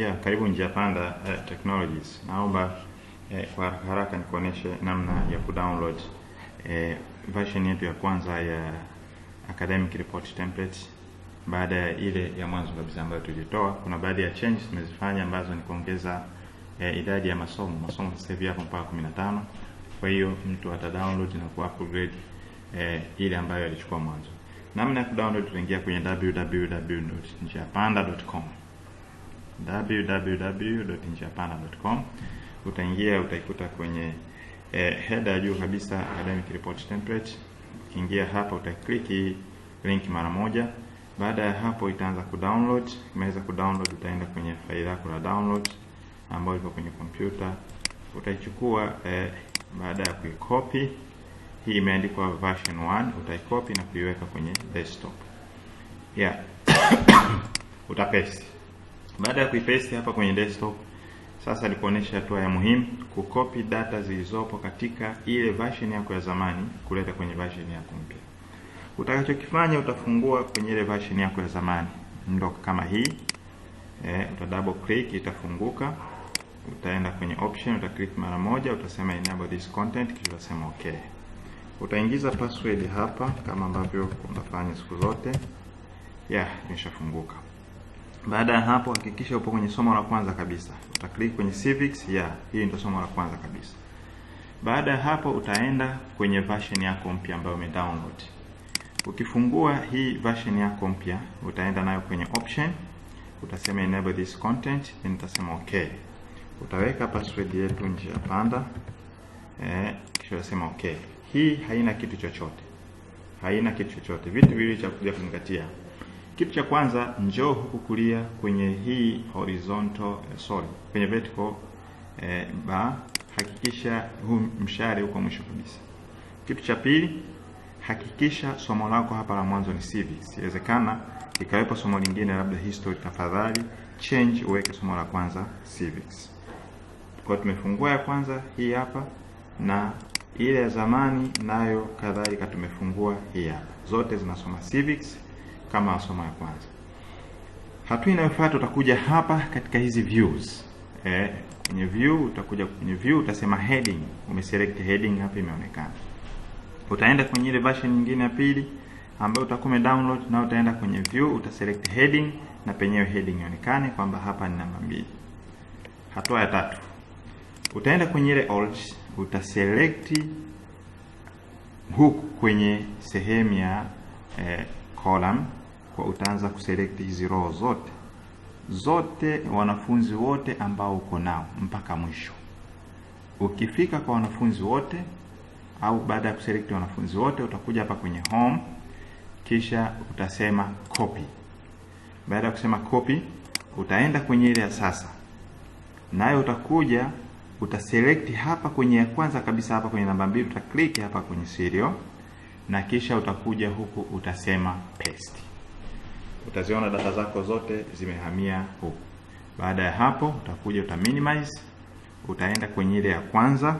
Yeah, karibu Njia Panda uh, Technologies. Naomba eh, kwa haraka nikuoneshe namna ya kudownload eh, version yetu ya kwanza ya academic report template baada ya ile ya mwanzo kabisa ambayo tulitoa. Kuna baadhi ya changes tumezifanya ambazo ni kuongeza eh, idadi ya masomo. Masomo sasa hivi hapo mpaka 15. Kwa hiyo mtu ata download na ku upgrade eh, ile ambayo alichukua mwanzo. Namna ya kudownload, tutaingia kwenye www.njiapanda.com www.njiapanda.com. Utaingia utaikuta kwenye eh, header juu kabisa academic report template. Ukiingia hapa utaklik link mara moja. Baada ya hapo itaanza kudownload. Imeweza kudownload, utaenda kwenye faili yako la download ambayo iko kwenye kompyuta, utaichukua eh, baada ya kuikopi hii imeandikwa version 1 utaikopi na kuiweka kwenye desktop. Yeah. Utapaste. Baada ya kuipaste hapa kwenye desktop, sasa nikuonesha hatua ya muhimu kukopi data zilizopo katika ile version yako ya zamani kuleta kwenye version yako mpya. Utakachokifanya utafungua kwenye ile version yako ya zamani, ndo kama hii e, uta double click itafunguka. Utaenda kwenye option, uta click mara moja, utasema enable this content, kisha utasema okay. Utaingiza password hapa kama ambavyo unafanya siku zote. Yeah, imeshafunguka. Baada ya hapo hakikisha upo kwenye somo la kwanza kabisa. Utaklik kwenye civics, yeah, hii ndio somo la kwanza kabisa. Baada ya hapo utaenda kwenye version yako mpya ambayo umedownload. Ukifungua hii version yako mpya, utaenda nayo kwenye option, utasema enable this content, then utasema okay. Utaweka password yetu nje ya panda. Eh, kisha utasema okay. Hii haina kitu chochote. Haina kitu chochote. Vitu viwili cha kuzingatia. Kitu cha kwanza, njoo huku kulia kwenye hii horizontal eh, sorry, kwenye vertical eh, ba hakikisha huu mshari uko mwisho kabisa. Kitu cha pili, hakikisha somo lako hapa la mwanzo ni civics. Inawezekana ikawepo somo lingine labda history, tafadhali change uweke somo la kwanza civics. Kwa tumefungua ya kwanza hii hapa na ile ya zamani nayo kadhalika tumefungua hii hapa, zote zinasoma civics kama masomo ya kwanza. Hatua inayofata utakuja hapa katika hizi views. Eh, kwenye view utakuja kwenye view utasema heading. Umeselect heading hapa imeonekana. Utaenda kwenye ile version nyingine ya pili ambayo utakuwa umedownload na utaenda kwenye view utaselect heading na penyewe heading ionekane kwamba hapa ni namba mbili. Hatua ya tatu. Utaenda kwenye ile alt utaselect huku kwenye sehemu ya eh, column kwa utaanza kuselect hizi roho zote zote, wanafunzi wote ambao uko nao mpaka mwisho. Ukifika kwa wanafunzi wote au baada ya kuselect wanafunzi wote, utakuja hapa kwenye home, kisha utasema copy. Baada ya kusema copy, utaenda kwenye ile ya sasa, nayo utakuja utaselect hapa kwenye ya kwanza kabisa, hapa kwenye namba mbili, utaklik hapa kwenye serial na kisha utakuja huku utasema paste utaziona data zako zote zimehamia huku. Baada ya hapo utakuja uta minimize, utaenda kwenye ile ya kwanza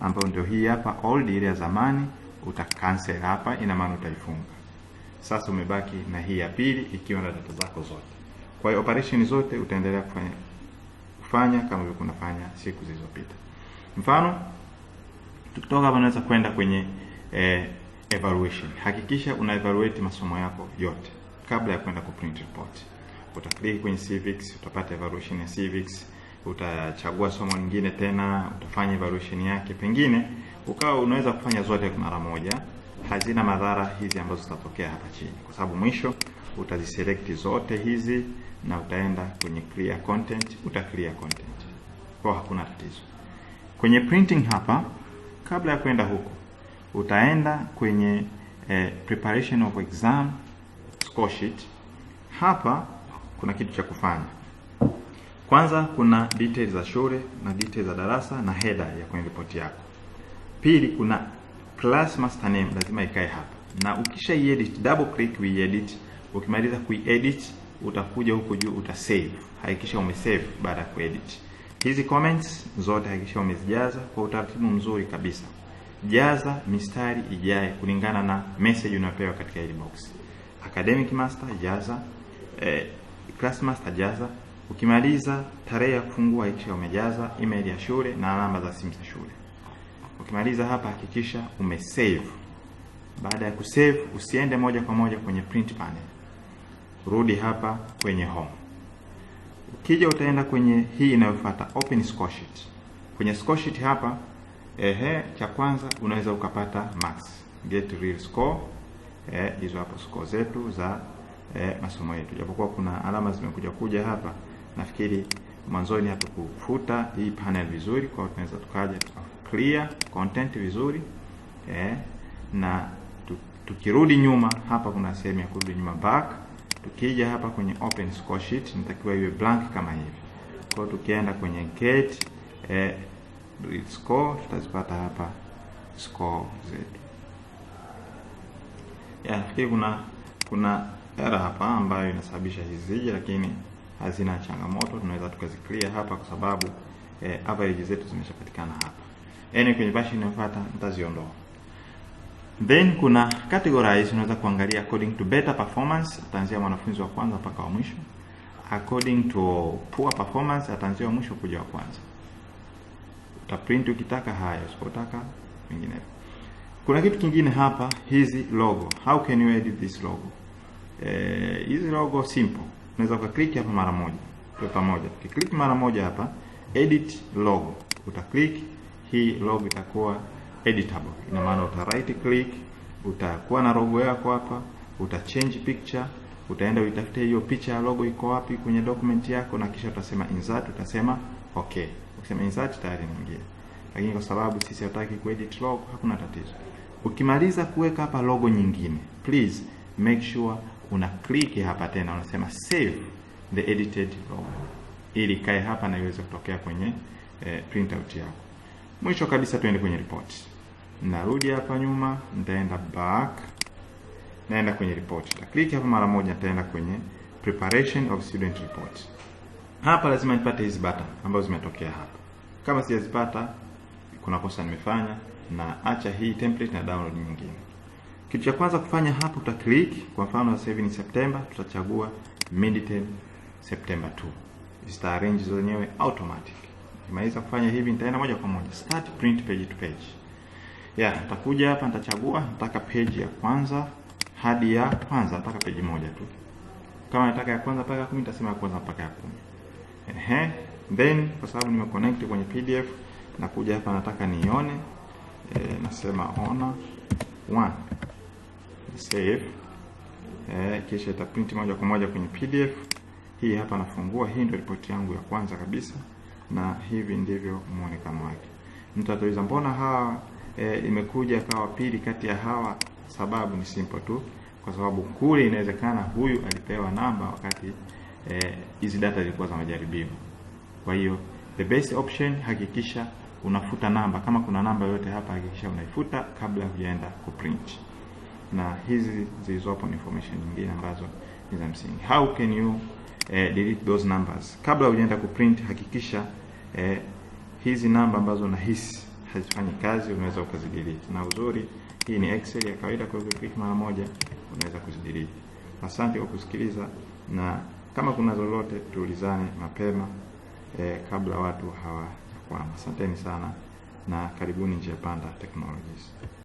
ambayo ndio hii hapa old, ile ya zamani uta cancel hapa, ina maana utaifunga. Sasa umebaki na hii ya pili ikiwa na data zako zote. Kwa hiyo operation zote utaendelea kufanya kufanya kama ulivyokuwa unafanya siku zilizopita. Mfano tukitoka hapa unaweza kwenda kwenye eh, evaluation. Hakikisha una evaluate masomo yako yote kabla ya kwenda kuprint report. Utaklik kwenye civics, utapata evaluation ya civics, utachagua somo lingine tena, utafanya evaluation yake, pengine ukawa unaweza kufanya zote mara moja, hazina madhara hizi ambazo zitatokea hapa chini, kwa sababu mwisho utaziselect zote hizi na utaenda kwenye clear content, uta clear content kwa hakuna tatizo. Kwenye printing hapa, kabla ya kwenda huko, utaenda kwenye eh, preparation of exam score sheet. Hapa kuna kitu cha kufanya. Kwanza kuna details za shule na details za darasa na header ya kwenye ripoti yako. Pili kuna class master name lazima ikae hapa. Na ukisha edit, double click we edit. Ukimaliza kuiedit utakuja huko juu uta save. Hakikisha umesave baada ya kuedit. Hizi comments zote hakikisha umezijaza kwa utaratibu mzuri kabisa. Jaza mistari ijaye kulingana na message unapewa katika ile box academic master jaza, eh, class master jaza. Ukimaliza tarehe ya kufungua hakikisha umejaza email ya shule na namba za simu za shule. Ukimaliza hapa hakikisha umesave. Baada ya kusave, usiende moja kwa moja kwenye print panel, rudi hapa kwenye home. Ukija utaenda kwenye hii inayofuata open score sheet. Kwenye score sheet hapa, ehe, cha kwanza unaweza ukapata max get real score Eh, hizo eh, hapo score zetu za eh, masomo yetu, japokuwa kuna alama zimekuja kuja hapa. Nafikiri mwanzoni hatukufuta hii panel vizuri, kwa tunaweza tukaja clear content vizuri eh, na tukirudi nyuma hapa, kuna sehemu ya kurudi nyuma back. Tukija hapa kwenye open score sheet nitakiwa iwe blank kama hivi. Kwa hiyo tukienda kwenye get eh, score tutazipata hapa score zetu nafikiri kuna kuna era hapa ambayo inasababisha hizi lakini hazina changamoto, tunaweza tukazi clear hapa kwa sababu eh, average zetu zimeshapatikana hapa. Yaani kwenye bash inayofuata nitaziondoa. Then kuna categorize, unaweza kuangalia according to better performance, ataanzia mwanafunzi wa kwanza mpaka wa mwisho. According to poor performance, ataanzia wa mwisho kuja wa kwanza. Utaprint ukitaka haya, usipotaka vinginevyo. Kuna kitu kingine hapa, hizi logo. How can you edit this logo? Eh, hizi logo simple. Unaweza ukaklik hapa mara moja. Kwa pamoja. Ukiklik mara moja hapa, edit logo. Utaklik hii logo itakuwa editable. Ina maana uta right click, utakuwa na logo yako hapa, uta change picture, utaenda uitafute hiyo picha ya logo iko wapi kwenye document yako na kisha utasema insert, utasema okay. Ukisema insert tayari inaingia. Lakini kwa sababu sisi hataki kuedit logo, hakuna tatizo. Ukimaliza kuweka hapa logo nyingine, please make sure una click hapa tena, unasema save the edited logo ili kae hapa na iweze kutokea kwenye eh, printout yako. Mwisho kabisa tuende kwenye report. Narudi hapa nyuma, nitaenda back, naenda kwenye report, nita click hapa mara moja, nitaenda kwenye preparation of student report. Hapa lazima nipate hizi button ambazo zimetokea hapa. Kama sijazipata kuna kosa nimefanya na acha hii template na download nyingine. Kitu cha kwanza kufanya hapo, click kwa mfano, sasa hivi ni September, tutachagua Mid-term September 2, zita arrange zenyewe automatic. Kimaliza kufanya hivi, nitaenda moja kwa moja start print page to page. Ya, Yeah, nitakuja hapa, nitachagua nataka page ya kwanza hadi ya kwanza, nataka page moja tu. Kama nataka ya kwanza mpaka ya 10 nitasema ya kwanza mpaka ya 10. Ehe, then kwa sababu nimeconnect kwenye PDF, nakuja hapa nataka nione e, nasema ona one save e, eh, kisha itaprint moja kwa moja kwenye PDF. Hii hapa nafungua, hii ndio ripoti yangu ya kwanza kabisa, na hivi ndivyo muonekano wake. mtu atauliza mbona hawa e, imekuja kawa pili kati ya hawa? Sababu ni simple tu, kwa sababu kule inawezekana huyu alipewa namba wakati hizi e, data zilikuwa za majaribio. Kwa hiyo the best option, hakikisha unafuta namba. Kama kuna namba yoyote hapa, hakikisha unaifuta kabla hujaenda kuprint, na hizi zilizopo ni information nyingine ambazo ni za msingi. How can you eh, delete those numbers? Kabla hujaenda kuprint, hakikisha eh, hizi namba ambazo unahisi hazifanyi kazi unaweza ukazidelete, na uzuri hii ni Excel ya kawaida, kwa hivyo click mara moja unaweza kuzidelete. Asante kwa kusikiliza, na kama kuna lolote tuulizane mapema eh, kabla watu hawa kwa Asanteni sana na karibuni njiapanda Panda Technologies.